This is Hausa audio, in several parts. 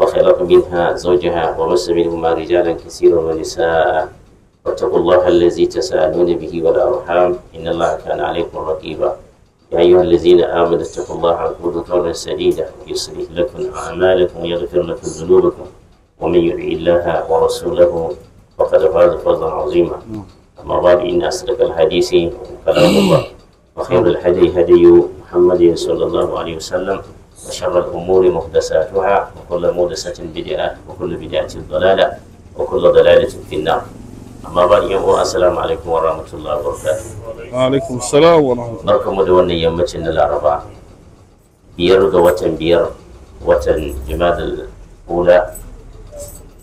وخلق منها زوجها وبس منهما رجالا كثيرا ونساء واتقوا الله الذي تساءلون به والأرحام إن الله كان عليكم رقيبا يا أيها الذين آمنوا اتقوا الله وقولوا قولا سديدا يصلح لكم أعمالكم ويغفر لكم ذنوبكم ومن يطع الله ورسوله فقد فاز فوزا عظيما أما بعد إن أصدق الحديث كلام الله وخير الهدي هدي محمد صلى الله عليه وسلم وشر الأمور محدثاتها وكل محدثة بدعة وكل بدعة ضلالة وكل ضلالة في النار amma ba yan uwa assalamu alaikum wa rahmatullahi wa barakatuh wa alaikum assalam wa rahmatullahi da wannan yammacin na laraba biyar ga watan biyar watan jumadal ula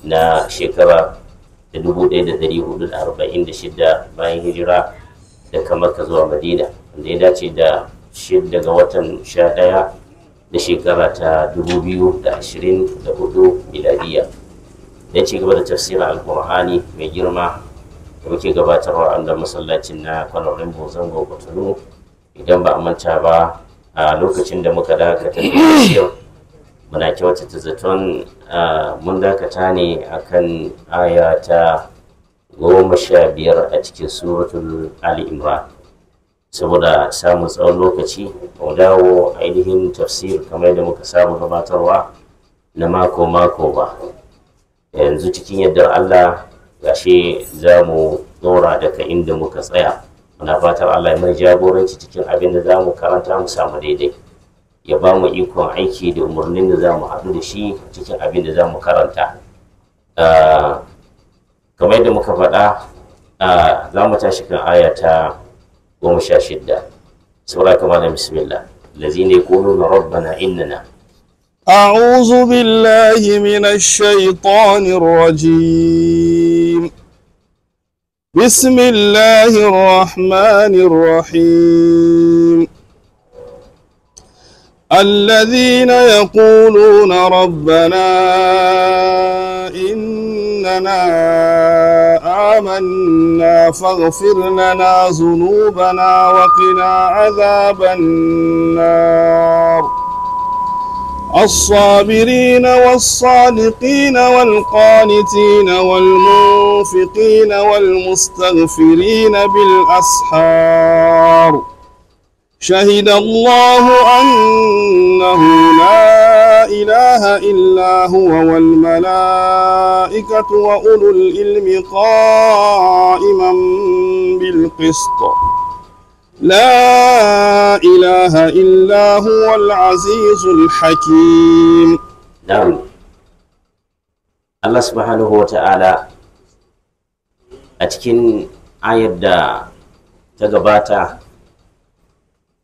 na shekara da dubu ɗaya da ɗari hudu da arba'in da shida bayan hijira kamar ka zuwa madina wanda ya dace da shida ga watan sha ɗaya na shekara ta 2024 miladiya Na ci gaba da tafsirin alkur'ani mai girma da muke gabatarwa a masallacin na kwanarin zango kotunu idan ba a manta ba a lokacin da muka dakata shiyar muna kyautata zaton mun dakata ne akan aya ta goma sha biyar a cikin suratul ali imran saboda samun tsawon lokaci mu dawo ainihin tafsir kamar da muka samu gabatarwa na mako-mako ba yanzu cikin yadda allah gashe za mu dora daga inda muka tsaya muna fatan allah ya mai jagoranci cikin abin da za mu karanta mu samu daidai ya ba mu ikon aiki da umarnin da za mu haɗu da shi cikin abin da za mu karanta ah, kamar da muka faɗa ah, za mu tashi kan aya ta ومشى شدة سوراك معنا بسم الله الذين يقولون ربنا إننا أعوذ بالله من الشيطان الرجيم بسم الله الرحمن الرحيم الذين يقولون ربنا إننا أننا آمنا فاغفر لنا ذنوبنا وقنا عذاب النار الصابرين والصادقين والقانتين والمنفقين والمستغفرين بالأسحار شهد الله أنه لا إله إلا هو والملائكة وأولو العلم قائما بالقسط لا إله إلا هو العزيز الحكيم نعم الله سبحانه وتعالى أتكن آية تقباتا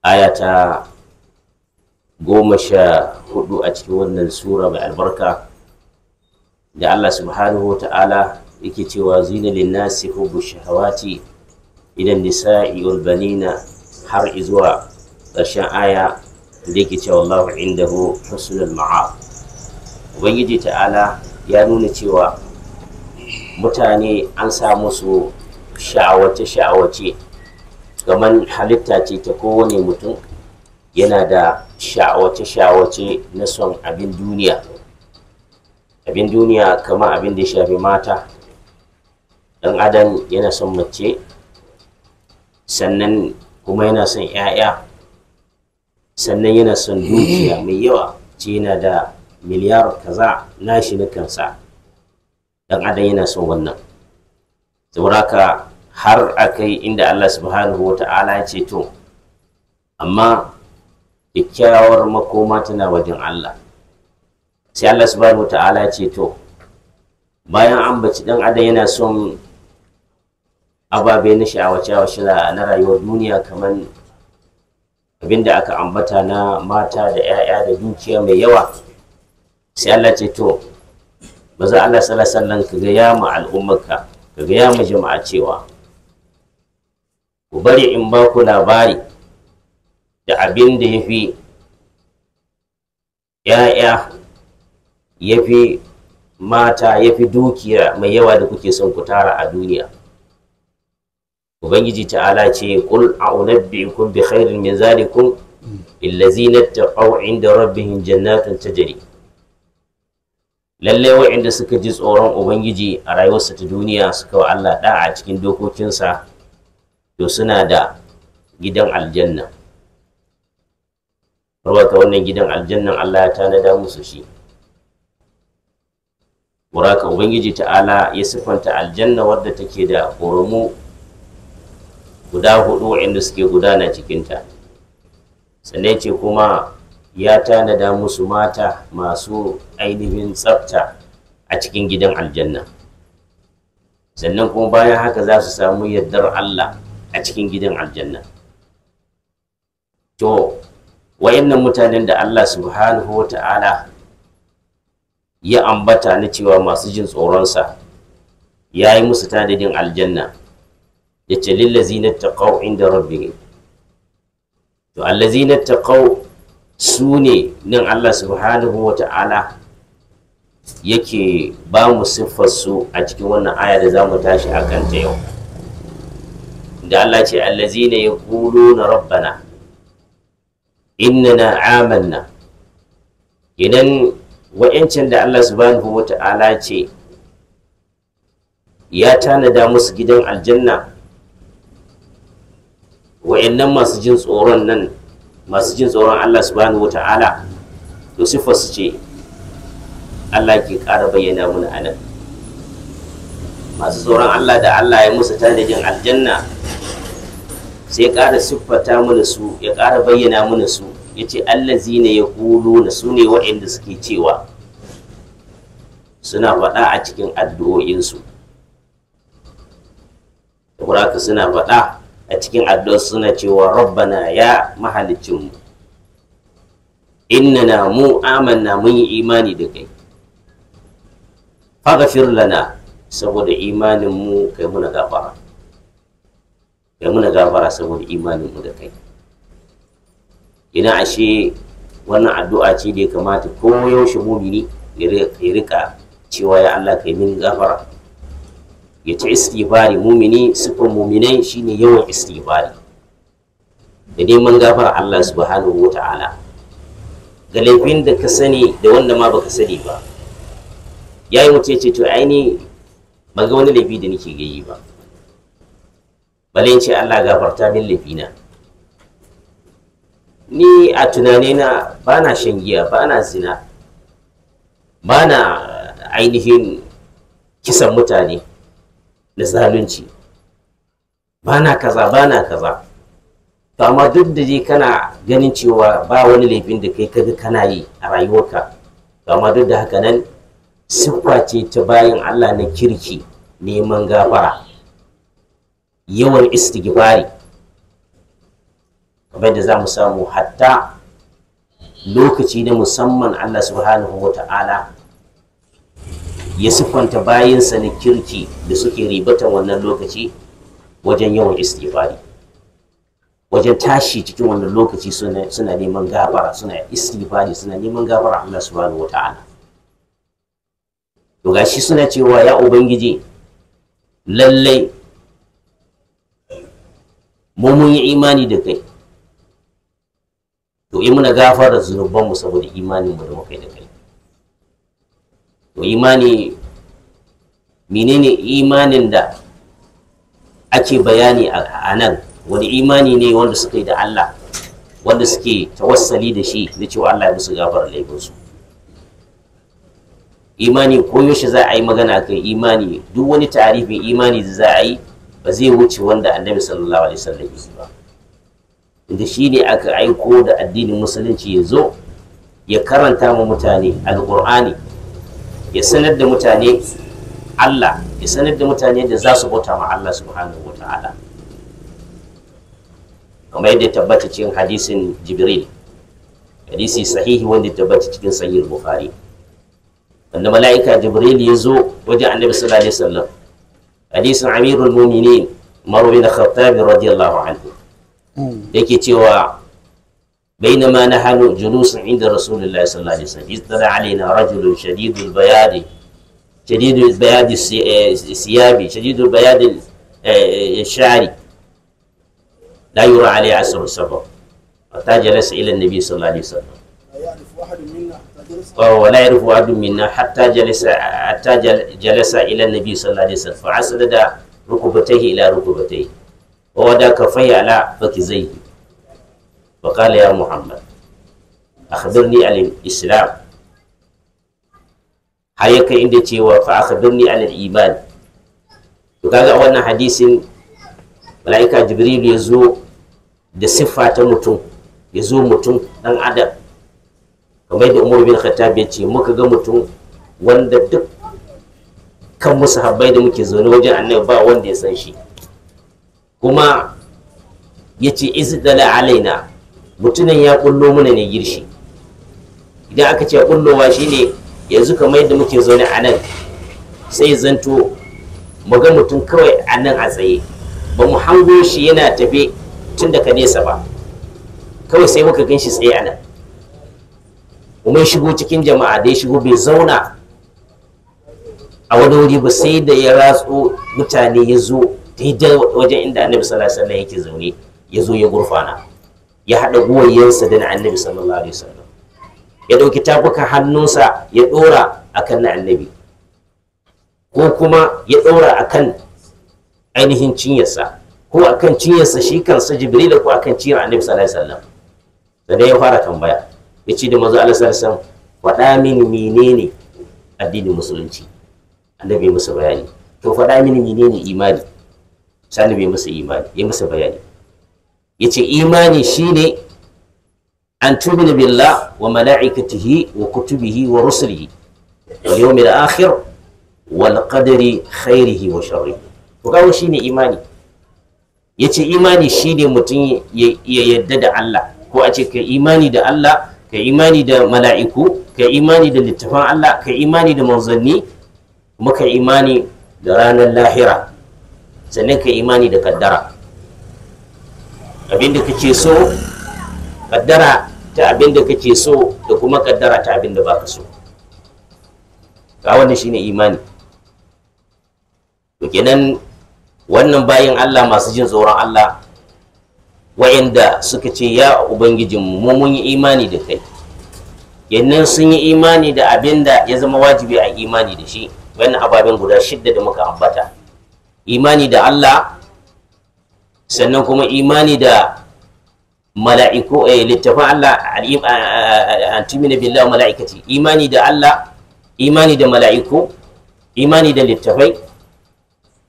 aya ta goma sha hudu a cikin wannan sura mai albarka da Allah subhanahu wa ta'ala yake cewa zina linnasi hubu shahawati idan nisa'i wal banina har izuwa ƙarshen aya da yake cewa Allahu indahu husnul ma'ab ubangiji ta'ala ya nuna cewa mutane an sa musu sha'awace sha'awace kamar halitta ce ta kowane mutum yana da sha'awace-sha'awace na son abin duniya abin duniya kamar abin da ya shafi mata ɗan adam yana son mace sannan kuma yana son 'ya'ya sannan yana son dukiya mai yawa ce yana da miliyar kaza na shi na kansa ɗan adam yana son wannan saboda har a kai inda Allah subhanahu wata'ala ya ceto. amma kyakkyawar makoma tana wajen Allah sai Allah subhanahu wata'ala ya ce to bayan an baci dan adam yana son ababe na sha'awace na rayuwar duniya kamar abinda aka ambata na mata da 'ya'ya da dukiya mai yawa sai Allah ce to maza Allah sallallahu alaihi wasallam ka ga ya ma al'ummarka ka ga ya ma jama'a cewa ku bari in ba ku labari da abin da ya fi ‘ya'ya ya fi mata ya fi dukiya mai yawa da kuke son ku tara a duniya ubangiji ta'ala ce kul a unabbi'ukum bi khairin min zalikum illazina taqaw inda rabbihim jannatun tajri lalle wa'inda suka ji tsoron ubangiji a rayuwarsa ta duniya suka wa Allah da'a cikin dokokinsa to suna da gidan aljanna rawata wannan gidan aljannan Allah ya tanada musu shi waraka ubangiji ta'ala ya siffanta aljanna wadda take da ƙoramu guda hudu inda suke gudana cikinta sannan ce kuma ya tanada musu mata masu ainihin tsafta a cikin gidan aljanna sannan kuma bayan haka za su samu yardar Allah a cikin gidan aljanna to wayannan mutanen da Allah subhanahu wa ta'ala ya ambata na cewa masu jin tsoronsa ya yi musu tadadin aljanna ya ce lillazina taqaw inda rabbi to allazina taqaw su ne nan Allah subhanahu wa ta'ala yake ba mu siffarsu a cikin wannan aya da za mu tashi a kanta yau da Allah ce ya kulo na. rabbana innana amanna idan wa'yancin da Allah subhanahu wa ta'ala ce ya tanada musu gidan aljanna wa'yannan masu jin tsoron nan masu jin tsoron Allah subhanahu wa ta'ala to su ce Allah ke ƙara bayyana mana anan nan masu tsoron Allah da Allah ya musu tanadin aljanna sai ya ƙara siffata mana su ya ƙara bayyana mana su ya ce allazi ne ya na su ne waɗanda suke cewa suna faɗa a cikin addu'o'insu da suna faɗa a cikin addu'ar suna cewa rabbana ya mahalicinmu na mu amanna mun yi imani da kai faghfir lana saboda imanin mu kai muna gafara ya muna gafara saboda imanin mu da kai ina ashe wannan addu'a ce da ya kamata ko yaushe mumini ya rika cewa ya Allah kai min gafara ya ci istighfari mumini sifan muminai shine yawan istighfari da neman gafara Allah subhanahu wata'ala ta'ala ga laifin da ka sani da wanda ma baka sani ba yayi mutum ya ce to aini ban ga wani laifi da nake gayi ba bare ce Allah gafarta min lafina ni a tunanina ba na shan giya ba na zina ba na ainihin kisan mutane da zalunci ba na kaza ba na kaza to amma duk da je kana ganin cewa ba wani laifin da kai kaga kana yi a rayuwarka to amma duk da haka nan siffa ce ta bayan Allah na kirki neman gafara yawan istighfari kamar da za mu samu hatta lokaci na musamman Allah subhanahu wa ta'ala ya siffanta bayansa na kirki da suke ribatan wannan lokaci wajen yawan istighfari wajen tashi cikin wannan lokaci suna neman gafara suna istighfari suna neman gafara Allah subhanahu ta'ala to gashi suna cewa ya ubangiji lallai mu mun yi imani da kai to yi muna gafara zunubanmu saboda imanin mu da muka da kai to imani menene imanin da ake bayani a nan wani imani ne wanda suka yi da Allah wanda suke tawassali da shi da cewa Allah ya musu gafara laifinsu imani ko yaushe za a yi magana kan imani duk wani tarifin imani da za a yi ba zai wuce wanda annabi sallallahu alaihi wasallam yake ba inda shi ne aka aiko da addinin musulunci ya zo ya karanta mu mutane alqur'ani ya sanar da mutane Allah ya sanar da mutane da za su bauta ma Allah subhanahu wata'ala kamar yadda tabbata cikin hadisin Jibril hadisi sahihi wanda tabbata cikin sahih Bukhari wanda mala'ika Jibril ya zo wajen annabi sallallahu alaihi wasallam حديث عمير المؤمنين umaru بن الخطاب رضي الله عنه cewa بينما نحن جلوس عند رسول الله صلى الله عليه وسلم اطلع علينا رجل شديد البياض شديد البياض آه، الثياب شديد البياض آه، الشعري لا يرى عليه عسر السبب حتى جلس الى النبي صلى الله عليه وسلم يعرف واحد منا wala ya rufu adu minna hatta jalisa hatta ila nabi sallallahu alaihi wasallam fa asada rukubatai ila rukubatai wa da ka fayi ala baki zai wa qala ya muhammad akhbirni al islam haye kai inda cewa fa akhbirni al iman to wannan hadisin malaika jibril ya zo da siffa ta mutum ya zo mutum dan adam kamar da umar bin khattab ya ce muka ga mutum wanda duk kan musu habbai da muke zaune wajen annabi ba wanda ya san shi kuma ya ce isdala alaina mutumin ya kullo mana ne girshi idan aka ce kullowa shine yanzu kamar yadda muke zaune a nan sai zanto mu ga mutum kawai a nan a tsaye ba mu hango shi yana tafe tun daga nesa ba kawai sai muka gan shi tsaye anan. kuma ya shigo cikin jama'a da ya shigo bai zauna a wani wuri ba sai da ya ratso mutane ya zo daidai wajen inda annabi sallallahu alaihi wasallam yake zaune ya zo ya gurfana ya haɗa guwayensa da annabi sallallahu alaihi wasallam ya ɗauki tafukan hannunsa ya ɗora akan na annabi ko kuma ya ɗora akan ainihin cinyarsa ko akan cinyarsa shi kansa jibrila ko akan cinyar annabi sallallahu alaihi wasallam da ya fara tambaya ya ce da manzo Allah sallallahu faɗa min menene addinin musulunci annabi masa bayani to faɗa min menene imani sai bai masa imani ya masa bayani yace imani shine an tu'mina billah wa mala'ikatihi wa kutubihi wa rusulihi wal yawmil akhir wal qadari khairihi wa sharrihi to kawo shine imani yace imani shine mutum ya yadda da Allah ko a ce ka imani da Allah ka imani da mala'iku ka imani da littafan Allah ka imani da manzanni kuma ka imani da ranar lahira sannan ka imani da kaddara abinda ce so kaddara ta abinda ce so da kuma kaddara ta abinda baka so ka wannan shine imani to wannan bayan Allah masu jin tsoron Allah wa'inda suka ce ya ubangijinmu mu mun yi imani da kai yannan sun yi imani da abin da ya zama wajibi a imani da shi wannan ababen guda shidda da muka ambata imani da Allah sannan kuma imani da mala'iku eh littafin Allah antumina billahi mala'ikati imani da Allah imani da mala'iku imani da littafai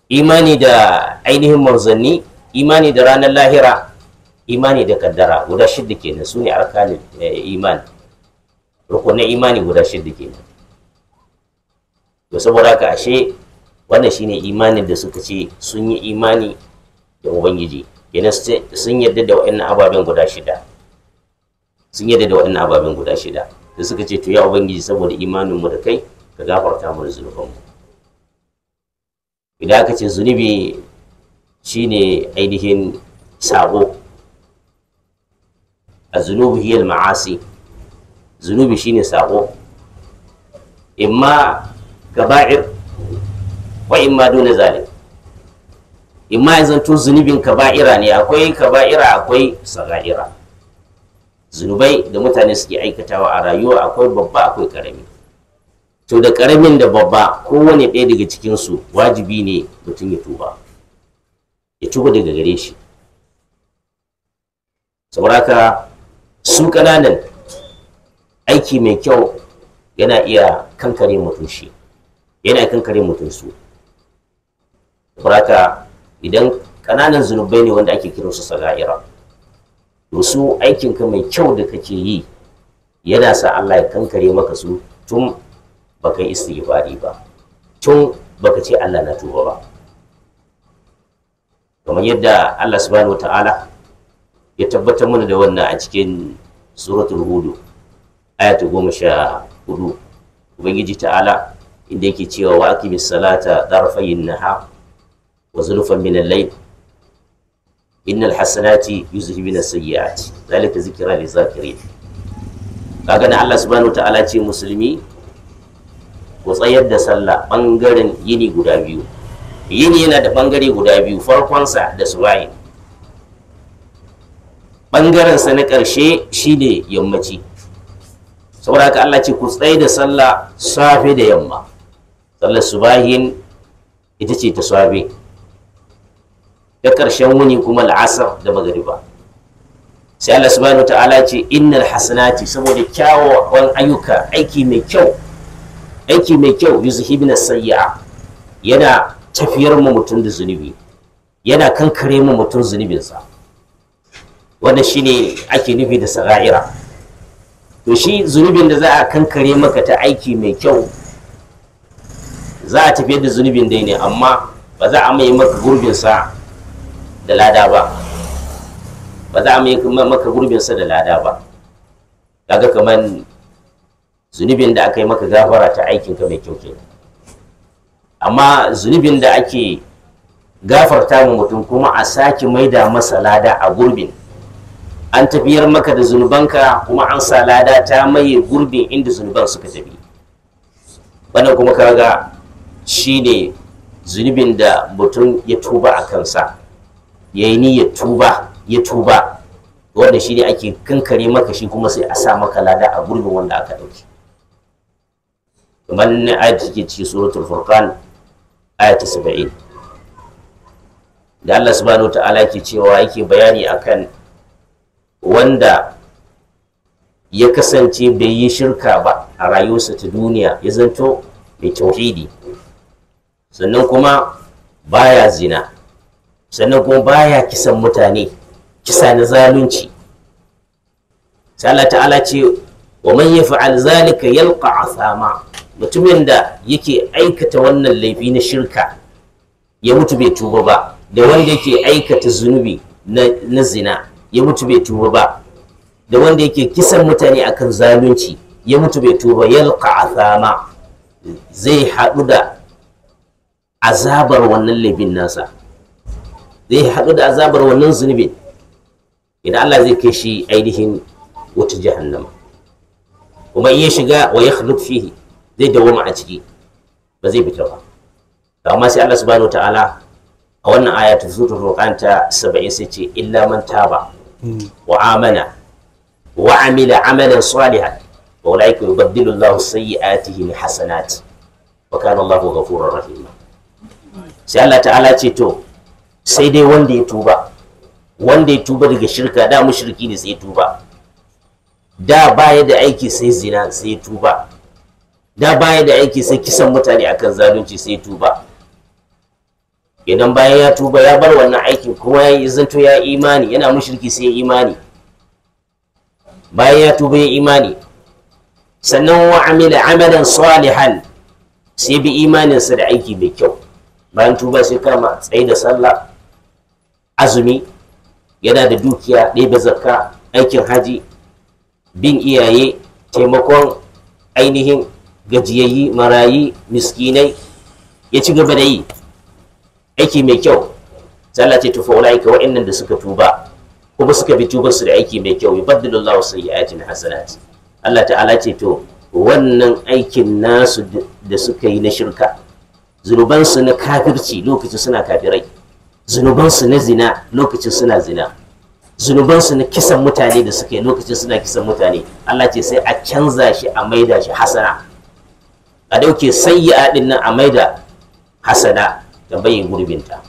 imani da ainihin marzanni imani da ranar lahira imani da kaddara guda shida kenan su ne arkanin eh, imani rukunin imani guda shida kenan to saboda haka ashe wannan shine imanin da suka ce sun yi imani da ubangiji kenan sun yarda da wa'annan ababen guda shida sun yarda da wa'annan ababen guda shida da suka ce to ya ubangiji saboda imanin mu da kai ka gafarta mu da mu idan aka ce zunubi shine ainihin sabo az-zunubu hiya al-ma'asi zunubi shine sako imma kaba'ir wa imma zane? In ma ya zanto zunubin kaba'ira ne akwai kaba'ira akwai saga'ira zunubai da mutane suke aikatawa a rayuwa akwai babba akwai karami to da karamin da babba kowane ɗaya daga cikinsu wajibi ne mutum ya tuba ya tuba daga gare shi saboda su ƙananan aiki mai kyau yana iya kankare mutum shi yana kankare mutum su buraka idan ƙananan zunubai ne wanda ake su saga'ira to su aikinka mai kyau da kake yi yana sa Allah ya kankare maka su tun baka yi istighfari ba tun baka ce Allah na tuba ba kamar yadda Allah subhanahu wataala ya tabbatar mana da wannan a cikin suratul hudu ayatu goma sha hudu ubangiji ta'ala inda yake cewa wa aqimi salata tarfayin nahar wa zulfan min al-layl innal hasanati yuzhibuna sayyi'ati zalika zikra lil zakirin kaga na Allah subhanahu ta'ala ce musulmi ku tsayar da sallah bangaren yini guda biyu yini yana da bangare guda biyu farkonsa da subahin ɓangaren sa na ƙarshe shine yammaci saboda haka Allah ce ku tsaye da sallah safe da yamma sallar subahin ita ce ta safe ta ƙarshen wuni kuma la'asar da magariba sai Allah subhanahu ta'ala ce innal hasanati saboda kyawawan ayyuka aiki mai kyau aiki mai kyau sayyi'a yana tafiyar mu mutum da zunubi yana kankare mu mutum zunubinsa wannan shine ake nufi da sara'ira to shi zunubin da za a kankare maka ta aiki mai kyau za a tafiyar da zunubin dai ne amma ba za a mai maka gurbinsa da lada ba ba za a mai maka gurbinsa da lada ba kaga kamar zunubin da aka yi maka gafara ta aikinka mai kyau ke, amma zunubin da ake gafarta mutum kuma a sake maida masa lada a gurbin an tafiyar maka da zunubanka kuma an sa lada ta maye gurbin inda zunuban suka tafi wannan kuma kaga ne zunubin da mutum ya tuba a kansa ya yi ni ya tuba ya tuba wanda shi ne ake kankare maka shi kuma sai a sa maka lada a gurbin wanda aka ɗauki kamar na ayat take cikin suratul furqan ayat 70 da Allah subhanahu wa ta'ala ke cewa yake bayani akan wanda ya kasance bai yi shirka ba a rayuwarsa ta duniya ya zanto mai tauhidi sannan kuma baya zina sannan kuma baya kisan mutane kisa na zalunci sai Allah ta'ala ce wa man fa'al zalika yalqa asama mutumin da yake aikata wannan laifi na shirka ya mutu bai tuba ba da wanda yake aikata zunubi na zina ya mutu bai tuba ba da wanda yake kisan mutane akan zalunci ya mutu bai tuba yalqa athama zai hadu da azabar wannan laifin nasa zai haɗu da azabar wannan zunubin idan Allah zai kai shi ainihin wata jahannama kuma in ya shiga wa ya fihi zai dawoma a ciki ba zai fita ba to amma sai Allah subhanahu ta'ala a wannan aya ta zuwa roƙanta 70 sai ce illa man taba wa amana wa amila amalan salihan wa ulaika yubaddilu Allahu sayyi'atihim hasanat wa kana Allahu ghafurur sai Allah ta'ala ce to sai dai wanda ya tuba wanda ya tuba daga shirka da mushriki ne sai ya tuba da baya da aiki sai zina sai ya tuba da baya da aiki sai kisan mutane akan zalunci sai ya tuba idan bayan ya tuba ya bar wannan aikin kuma ya yi zanto ya imani yana mushriki sai ya imani bayan ya tuba ya imani sannan wa amila amalan salihan sai bi imaninsa da aiki mai kyau bayan tuba sai kama tsaye da sallah azumi yana da dukiya ɗebe zakka aikin haji bin iyaye taimakon ainihin gajiyayyi marayi miskinai ya ci gaba da yi aiki mai kyau Allah ce tufa ulaika wa'annan da suka tuba kuma suka bi tubar su da aiki mai kyau yubaddilu Allahu sayyi'atin hasanat Allah ta'ala ce to wannan aikin nasu da suka yi na shirka zunubansu na kafirci lokacin suna kafirai zunubansu na zina lokacin suna zina zunubansu na kisan mutane da suka yi lokacin suna kisan mutane Allah ce sai a canza shi a maida shi hasana a dauke sayyi'a din nan a maida hasana ka bayin gurbinta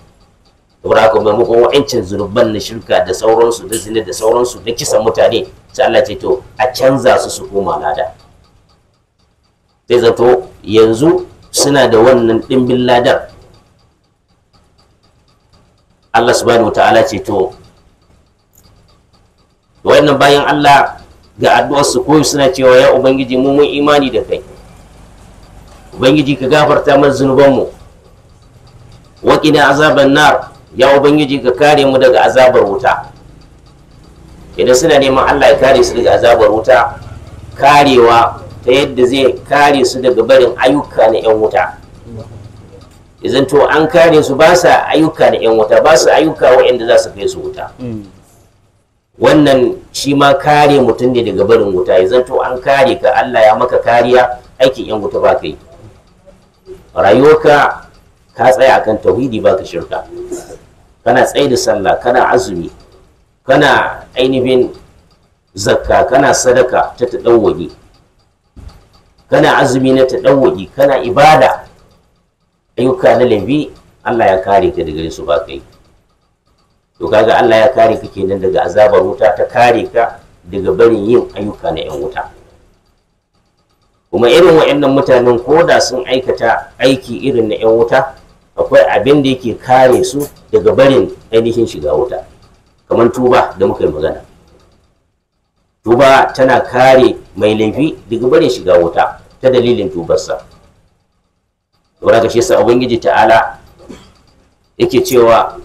saboda haka maimakon wa'ancin zunuban na shirka da sauransu da zina da sauransu da kisan mutane sai Allah ce to a canza su su koma lada sai zato yanzu suna da wannan dimbin ladar Allah subhanahu ta'ala ce to wannan bayan Allah ga addu'arsu koyi suna cewa ya ubangiji mu mun imani da kai ubangiji ka gafarta mana zunubanmu waƙina azaban nar ya ubangiji ka kare mu daga azabar wuta idan suna neman allah ya kare su daga azabar wuta karewa ta yadda zai kare su daga barin ayyuka na 'yan wuta izan to an kare su ba sa ayyuka na 'yan wuta ba su ayyuka waɗanda za su kai su wuta wannan shi ma kare mutum ne daga barin wuta ya to an kare ka Allah ya maka kariya aikin yan wuta ba kai rayuwarka ka tsaya akan tauhidi baka shirka kana tsaye da sallah kana azumi kana ainihin zakka kana sadaka ta taɗawwaji kana azumi na taɗawwaji kana ibada ayyuka na lambi Allah ya kare ka daga su ba kai to kaga Allah ya kare ka kenan daga azabar wuta ta kare ka daga barin yin ayyuka na yan wuta kuma irin wa'annan mutanen da sun aikata aiki irin na yan wuta akwai abin da yake kare su daga barin ainihin shiga wuta kamar tuba da muka yi magana tuba tana kare mai laifi daga barin shiga wuta ta dalilin tubarsa saboda ka shi ubangiji ta'ala yake cewa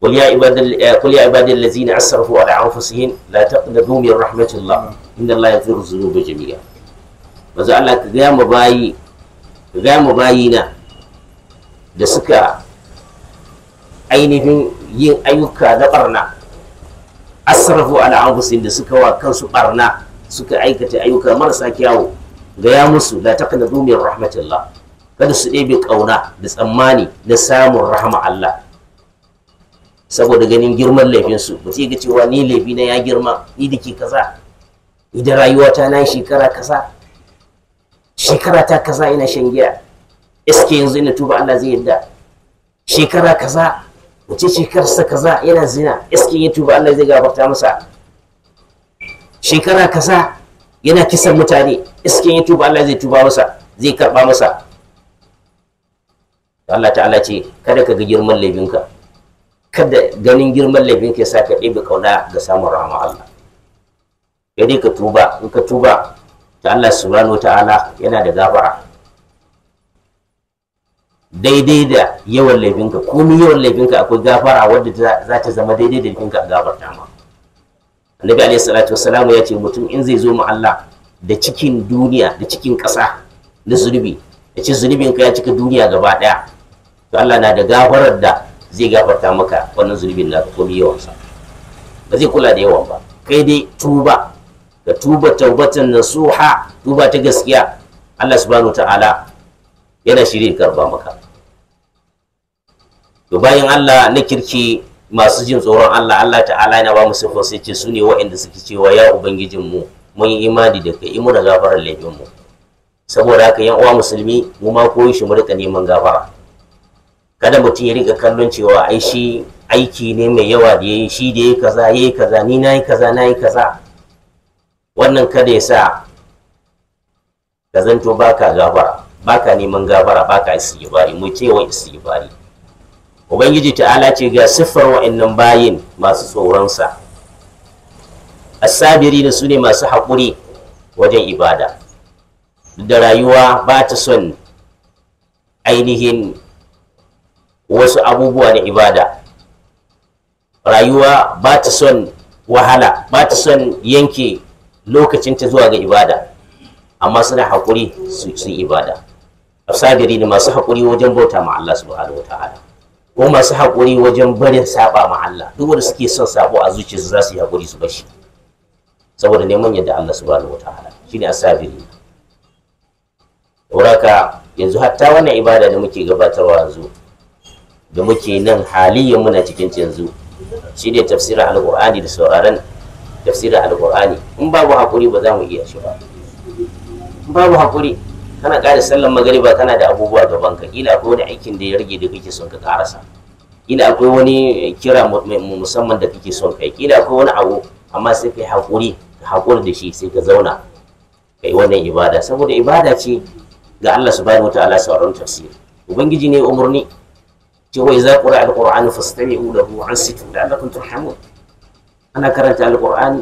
قل يا lazi na يا asarfu, الذين اسرفوا fasihin, انفسهم لا da من رحمه الله ان الله يغفر الذنوب جميعا maza Allah ka gaya ka gaya mu bayi na da suka ainihin yin ayyuka na barna asrafu ala anfusin da suka wa kansu barna suka aikata ayyuka marasa kyawu gaya musu la taqnadu min rahmatillah kada su ɗebe ƙauna da tsammani da samun rahma Allah saboda ganin girman laifinsu ba sai ga cewa ni laifi na ya girma ni da ke kaza idan rayuwata na shekara kaza shekara ta kaza ina shan giya iske yanzu ina tuba Allah zai yarda shekara kaza wace shekarsa kaza yana zina iske ya tuba Allah zai gafarta masa shekara kaza yana kisan mutane iske ya tuba Allah zai tuba masa zai karba masa Allah ta'ala ce kada ka ga girman laifinka kada ganin girman laifinka ya sa ka ɗebe kauna ga samun rahama Allah sai dai ka tuba in ka tuba ta Allah subhanahu wa ta'ala yana da gafara daidai da yawan laifinka komi yawan laifinka akwai gafara wadda za ta zama daidai da laifinka a gafarta ma annabi alaihi salatu wassalamu ya ce mutum in zai zo mu Allah da cikin duniya da cikin ƙasa na zunubi da ce ka ya cika duniya gaba ɗaya to Allah na da gafarar da zai gafarta maka wannan zunubin naka komi yawansa ba zai kula da yawan ba kai dai tuba ka tuba taubatan nasuha tuba ta gaskiya Allah subhanahu ta'ala yana shirin karba maka to bayan Allah na kirki masu jin tsoron Allah Allah ta'ala yana ba mu siffar sai ce su ne waɗanda suke cewa ya ubangijin mu mun yi imani da kai imu da gafarar laifin mu saboda haka yan uwa musulmi mu ma koyi shi mu rika neman gafara kada mutum ya rika kallon cewa ai shi aiki ne mai yawa da yayi shi da yayi kaza yayi kaza ni nayi kaza nayi kaza wannan kada ya sa ka zanto baka gafara baka neman gafara baka istighfari mu ce wa istighfari ubangiji ta'ala ce ga siffar wa'annan bayin masu tsoronsa asabiri da su ne masu haƙuri wajen ibada da rayuwa ba ta son ainihin wasu abubuwa na ibada rayuwa ba ta son wahala ba ta son yanke lokacinta zuwa ga ibada amma suna haƙuri su yi ibada asabiri ne masu haƙuri wajen bauta ma Allah subhanahu wa ta'ala ko masu haƙuri wajen barin saba ma Allah duk wanda suke son sabo a zuciyarsu za su yi haƙuri su bashi saboda neman yadda Allah subhanahu wataala shine asabiri waraka yanzu hatta wannan ibada da muke gabatarwa yanzu da muke nan haliyan muna cikin yanzu shi ne tafsirin alƙur'ani da sauraron tafsirin alƙur'ani in babu haƙuri ba za mu iya shi ba babu haƙuri kana ƙara sallan magariba kana da abubuwa gaban ka kila akwai wani aikin da ya rage da kake son ka karasa kila akwai wani kira musamman da kake son kai kila akwai wani abu amma sai kai haƙuri ka haƙuri da shi sai ka zauna kai wannan ibada saboda ibada ce ga Allah subhanahu wataala sauran tafsiri ubangiji ne umarni cewa za qira alquran fastami'u lahu ansitu la'allakum turhamun ana karanta alqur'ani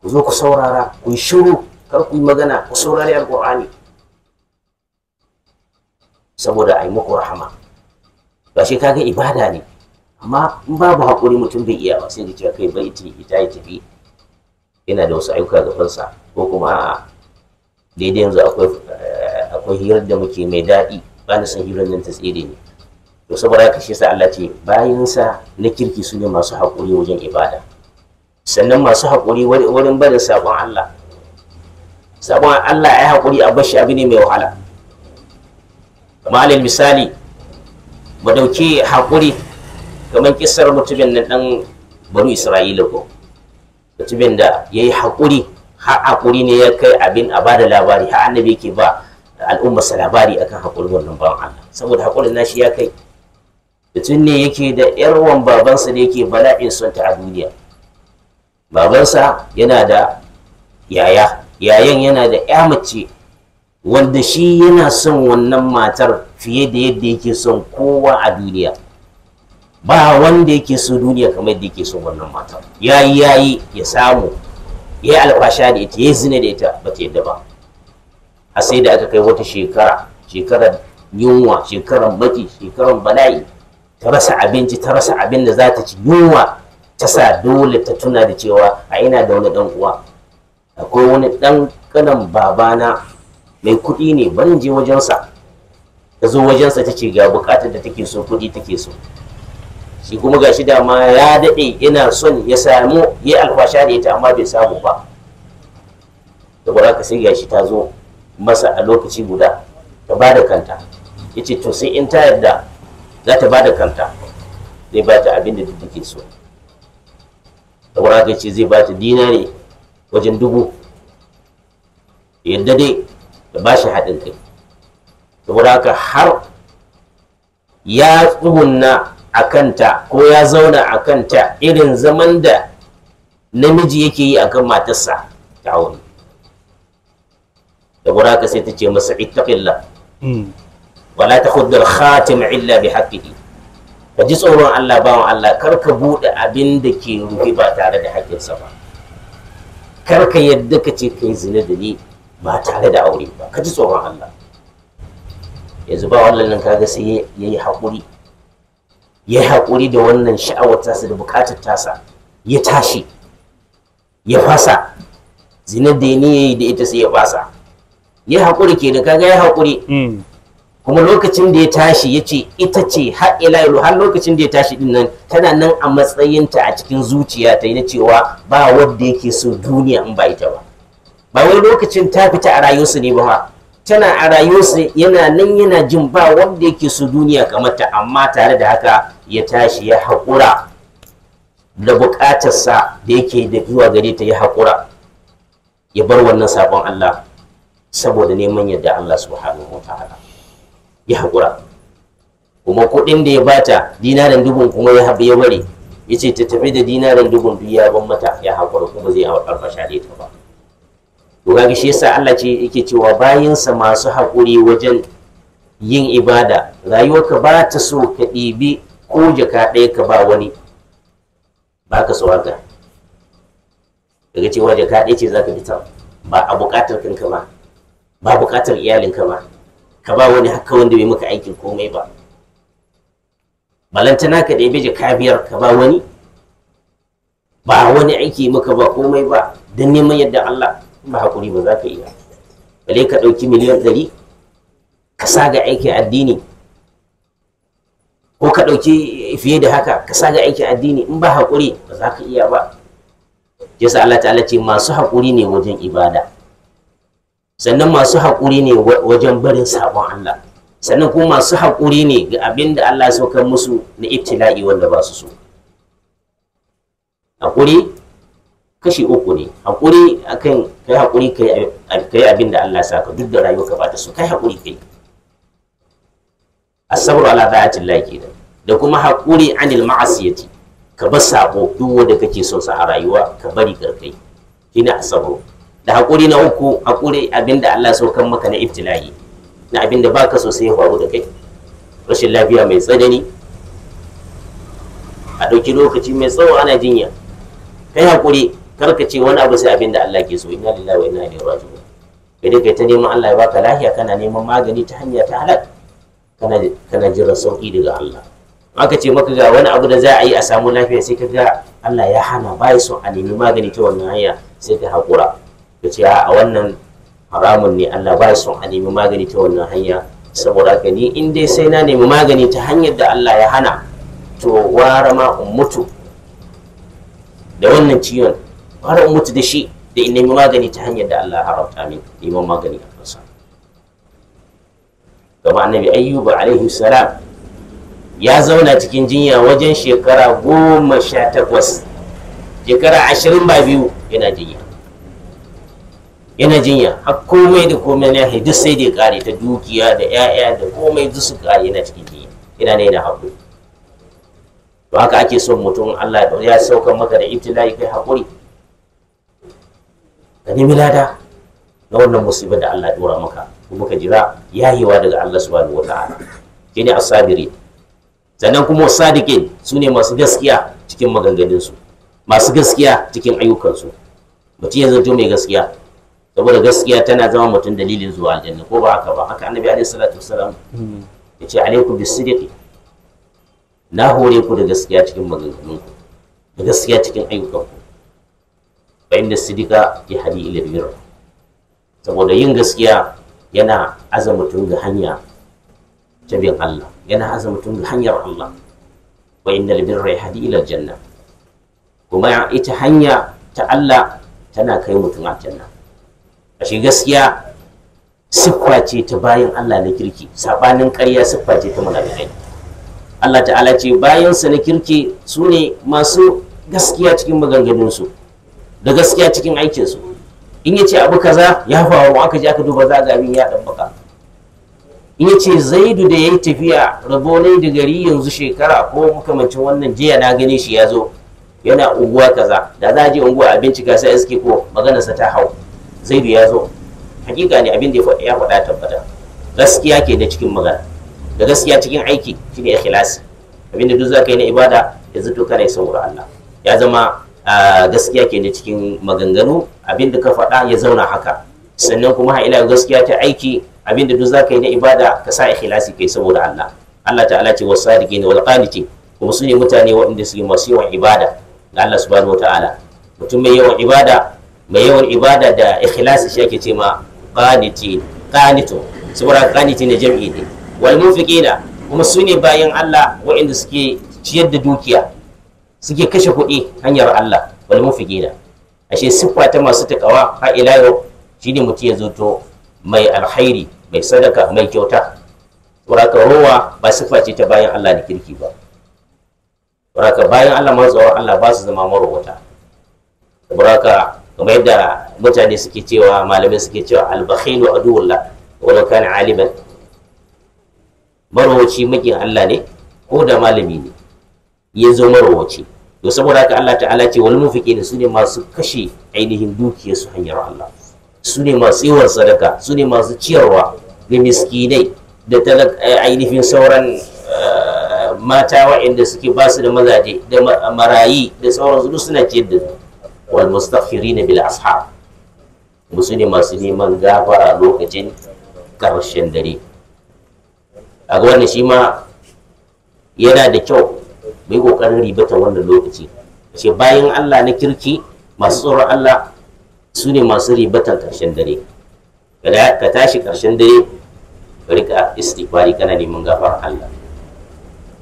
ku zo ku saurara ku shiru kar ku yi magana ku saurari alqur'ani saboda a yi muku rahama ga ka ga ibada ne amma in babu haƙuri mutum bai iya ba sai da cewa kai bai ita ya tafi yana da wasu ayyuka gabansa ko kuma a'a daidai yanzu akwai eh, akwai hirar da muke mai daɗi ba na san hirar nan ta tsere ne to saboda haka shi sa Allah ce bayansa na kirki su ne masu haƙuri wajen ibada sannan masu haƙuri wurin barin saƙon Allah saƙon Allah ya haƙuri a bashi abu ne mai wahala malin misali ba dauke haƙuri kamar kisar mutumin nan ɗan baru isra'ila ko mutumin da ya yi haƙuri har haƙuri ne ya kai abin a ba da labari har annabi yake ba al'ummarsa labari akan haƙurin wannan ba Allah saboda haƙurin nashi ya kai mutum ne yake da yarwan babansa da yake bala'in son ta a duniya babansa yana da yaya yayan yana da ya mace wanda shi yana son wannan matar fiye da yadda yake son kowa a duniya ba wanda yake so duniya kamar da yake son wannan matar yayi yayi ya samu ya yi alfasha da ita ya zina da ita ba ta yadda ba a sai da aka kai wata shekara shekarar yunwa shekarar baki shekarar bala'i ta rasa abinci ta rasa abin da za ta ci yunwa ta sa dole ta tuna da cewa a ina da wani dan uwa akwai wani dan kanan babana mai kuɗi ne barin je wajensa ta zo wajensa ta ce ga bukatar da take so kuɗi take so shi kuma ga shi dama ya daɗe yana son ya samu ya alfasha da ita amma bai samu ba da ba ka sai ga ta zo masa a lokaci guda ta ba da kanta ya ce to sai in ta yarda za ta ba da kanta zai ba ta abin da take so da ba ka ce zai ba ta ne wajen dubu yadda dai da ba shi haɗin kai saboda haka har ya tsugunna a kanta ko ya zauna a kanta irin zaman da namiji yake yi kan matarsa ta aure saboda haka sai ta ce masa ittaqillah hmm. wala ta al-khatim illa bi haqqihi ka ji tsoron Allah bawan Allah kar ka buɗe abin da ke rufe ba tare da haƙƙinsa ba kar ka yadda ka ce kai zina da ni ba tare da aure ba ka ji tsoron Allah yanzu ba wannan nan kaga sai ya yi haƙuri ya yi da wannan sha'awar tasa da buƙatar tasa ya tashi ya fasa zinar da ni yayi da ita sai ya fasa ya haƙuri ke da kaga ya haƙuri hmm. kuma lokacin da ya tashi ya ce ita ce har ila har lokacin da ya tashi din nan tana nan a matsayinta a cikin zuciya ta yi na cewa ba wanda yake so duniya in ba ita ba ba wai lokacin ta fita a rayuwarsu ne ba tana a rayuwarsu yana nan yana jin ba wanda yake su duniya kamar ta amma tare da haka ya tashi ya haƙura da buƙatarsa da yake da zuwa gare ta ya haƙura ya bar wannan sabon Allah saboda neman yadda Allah subhanahu wataala ya haƙura kuma kuɗin da ya bata dinarin dubun kuma ya haɓe ya bare ya ce ta tafi da dinarin dubun duk ya ban mata ya haƙura kuma zai albasha ta ba to kaga shi yasa Allah ce yake cewa bayansa masu haƙuri wajen yin ibada rayuwarka ba ta so ka ɗibi ko jaka ɗaya ka ba wani ba ka so haka daga cewa jaka ɗaya ce za ka fita ba a buƙatar kanka ba ba buƙatar iyalinka ba ka ba wani haka wanda bai maka aikin komai ba balantana ka bije jaka biyar ka ba wani ba wani aiki maka ba komai ba don neman yadda Allah ba hakuri ba za ka iya bale ka ɗauki miliyan ɗari ka saga aikin addini ko ka ɗauki fiye da haka ka saga aikin addini in ba hakuri ba za ka iya ba yasa Allah ta'ala ce masu hakuri ne wajen ibada sannan masu hakuri ne wajen barin sabon Allah sannan kuma masu hakuri ne ga abin da Allah ya saukar musu na ibtila'i wanda ba su so hakuri kashi uku ne hakuri akan kai hakuri kai kai abin da Allah saka duk da rayuwarka ba ta so kai hakuri kai asabru sabru ala ta'atillah ke da kuma hakuri anil ma'asiyati ka bar sabo duk wanda kake son sa a rayuwa ka bari karkai shine as da hakuri na uku hakuri abin da Allah so kan maka na ibtilahi na abin da baka so sai ya faru da kai rashin lafiya mai tsanani a ɗauki lokaci mai tsawo ana jinya kai hakuri kar ce wani abu sai abin da Allah ke so inna lillahi wa inna ilaihi raji'un idan kai ta neman Allah ya baka lafiya kana neman magani ta hanya ta halal kana kana jira sauki daga Allah aka ce maka ga wani abu da za a yi a samu lafiya sai ka ga Allah ya hana bai son a nemi magani ta wannan hanya sai ka haƙura ka ce a wannan haramun ne Allah bai son a nemi magani ta wannan hanya saboda ka ni in dai sai na nemi magani ta hanyar da Allah ya hana to warama ma mutu da wannan ciwon fara mutu da shi da in nemi magani ta hanyar da Allah haramta min neman magani a kansa gama annabi ayyuba alaihi salam ya zauna cikin jinya wajen shekara goma sha takwas shekara ashirin ba biyu yana jinya yana jinya har komai da komai na yahi duk sai da kare ta dukiya da 'ya'ya da komai duk su kare yana cikin jinya yana ne yana haƙuri to haka ake son mutum Allah ya sauka maka da ibtila'i kai haƙuri ka milada lada na wannan musibin da Allah dora maka ko muka jira yayewa daga Allah subhanahu wataala shine as-sabiri sannan kuma sadiqin sune masu gaskiya cikin su masu gaskiya cikin ayyukansu mutum ya zanto mai gaskiya saboda gaskiya tana zama mutum dalilin zuwa aljanna ko ba haka ba haka annabi alaihi salatu wasalam ya ce alaikum bisidiqi na hore ku da gaskiya cikin ku da gaskiya cikin ayyukanku da inda sidika ke hadi ilimin saboda yin gaskiya yana aza ga hanya ta bin Allah yana aza mutum ga hanyar Allah wa innal birra yahdi ila janna. kuma ita hanya ta Allah tana kai mutum a ashe gaskiya siffa ce ta bayan Allah na kirki sabanin ƙarya siffa ce ta munafikai Allah ta'ala ce bayansa na kirki sune masu gaskiya cikin maganganunsu da gaskiya cikin aikinsu in ya ce abu kaza ya faru aka je aka duba za ga ya dan in ya ce zaidu da ya yi tafiya rabo ne da gari yanzu shekara ko makamancin wannan jiya na gane shi ya zo yana unguwa kaza da za a je unguwa a bincika sai suke ko maganarsa ta hau zaidu ya zo hakika ne abin da ya faɗa tabbata gaskiya ke da cikin magana da gaskiya cikin aiki shine ikhlasi abin da duk zaka yi na ibada yanzu to kana yi saboda Allah ya zama gaskiya ke da cikin maganganu abinda ka faɗa ya zauna haka sannan kuma ila gaskiya ta aiki abinda duk zaka yi na ibada ka sa ikhlasi kai saboda Allah Allah ta'ala ce wasadiqina wal qanitin kuma su ne mutane waɗanda suke masu yawan ibada ga Allah subhanahu wataala mutum mai yawan ibada mai yawan ibada da ikhlasi shi ake ce ma qanitin qanitun saboda qanitin ne jam'i ne wal munfiqina kuma su ne bayan Allah waɗanda suke ciyar da dukiya suke kashe kuɗi hanyar Allah wal gida. ashe siffa ta masu takawa ha ila yau shine mutum ya zoto mai alkhairi mai sadaka mai kyauta waraka rowa ba siffa ce ta bayan Allah da kirki ba waraka bayan Allah ma zuwa Allah ba su zama marowata waraka kamar yadda mutane suke cewa malamai suke cewa albakhilu aduwullah walau kana aliman marowaci makin Allah ne ko da malami ne ya zo marowaci to saboda haka Allah ta'ala ce wal mufiqin su ne masu kashe ainihin dukiyar su hanyar Allah su ne masu yawan sadaka su ne masu ciyarwa ga miskinai da eh, ainihin sauran eh, mata waɗanda suke ba su da mazaje da marayi da sauran su suna ciyar da wal mustaghfirin bil ashab musu ne masu neman gafara lokacin karshen dare a wannan shi ma yana da kyau Mai kokarin riba ta wannan lokaci ce bayan Allah na kirki masu tsoron Allah su ne masu ribatan ƙarshen dare ka tashi karshen dare ka rika istighfari kana neman gafar Allah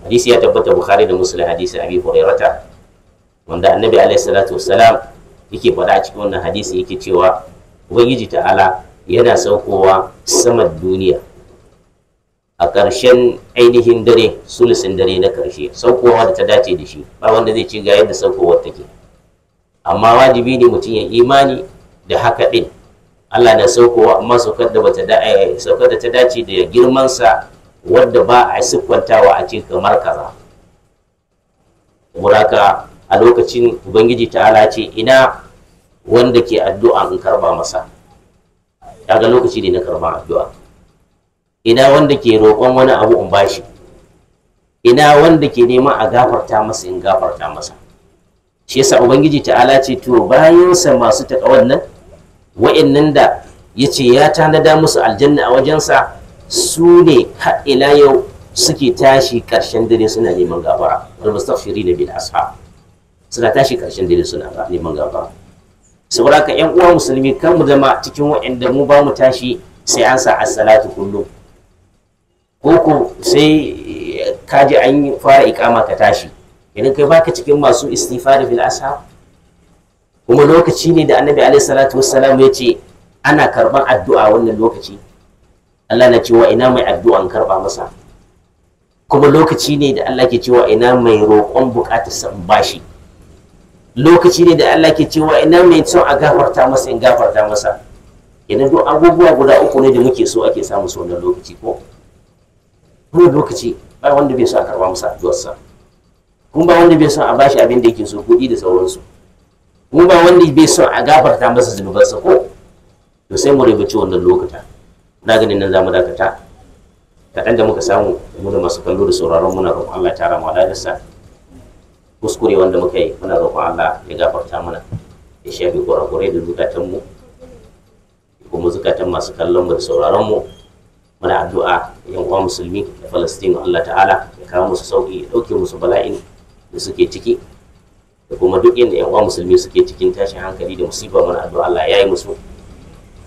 hadisi ya tabbata Bukhari da Muslim hadisi Abi Hurairata wanda Annabi alaihi salatu wassalam yake faɗa a cikin wannan hadisi yake cewa Ubangiji ta'ala yana saukowa saman duniya a ƙarshen ainihin dare sulisin dare na ƙarshe saukowa da ta dace da shi ba wanda zai ci ga yadda saukowar take amma wajibi ne mutum ya imani da haka ɗin Allah na saukowa amma saukar da eh, ta dace da girman sa wadda ba a sukwantawa a ce kamar kaza saboda a lokacin ubangiji ta'ala ce ina wanda ke addu'a in karba masa kaga lokaci ne na karba addu'a ina wanda ke roƙon wani abu in bashi ina wanda ke neman a gafarta masa in gafarta masa shi yasa ubangiji ta'ala ce to sa masu ta wannan? wa'annan da ya ce ya tanada musu aljanna a wajensa su ne har ila yau suke tashi ƙarshen dare suna neman gafara wal mustaghfirin bil ashab suna tashi karshen dare suna neman gafara saboda ka ƴan uwa musulmi kan mu zama cikin wa'anda mu ba mu tashi sai an sa as-salatu kullum ko sai ka ji an fara ikama ka tashi idan kai baka cikin masu istighfar bil asha kuma lokaci ne da annabi alaihi salatu wassalam ya ce ana karban addu'a wannan lokaci Allah na cewa ina mai addu'an karba masa kuma lokaci ne da Allah ke cewa ina mai roƙon buƙatar san bashi lokaci ne da Allah ke cewa ina mai son a gafarta masa in gafarta masa idan duk abubuwa guda uku ne da muke so ake samu su lokaci ko kowane lokaci ba wanda bai son a karba masa addu'arsa kun ba wanda bai son a bashi abin da yake so kuɗi da sauransu kun ba wanda bai son a gafarta masa zunubansa ko to sai mu rubuce wannan lokata. na ganin nan zamu dakata kaɗan da muka samu mu da masu kallo da sauraron muna roƙon Allah tara mu sa, kuskure wanda muka yi muna roƙon Allah ya gafarta mana ya shafi kurakurai da zukatanmu kuma zukatan masu kallon mu da sauraron mu muna addu'a yan uwa musulmi da falastinu allah ta'ala ya kawo musu sauki ya ɗauke musu bala'in da suke ciki da kuma duk inda yan uwa musulmi suke cikin tashin hankali da musiba muna addu'a allah ya yi musu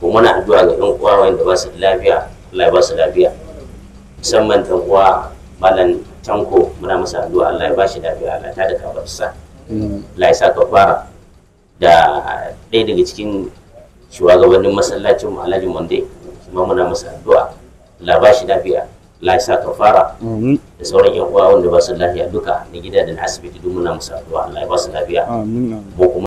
ko muna addu'a ga yan uwa wanda ba su da lafiya allah ya ba su lafiya musamman dan uwa malam tanko muna masa addu'a allah ya ba shi lafiya allah ta da kabarsa allah ya sa ka fara da ɗaya daga cikin shugabannin masallacin mu alhaji monday kuma muna masa addu'a la ba shi lafiya la sa kafara da sauran yan uwa wanda ba su lafiya duka na gida da na asibiti duk muna musa addu'a Allah ya ba su lafiya mu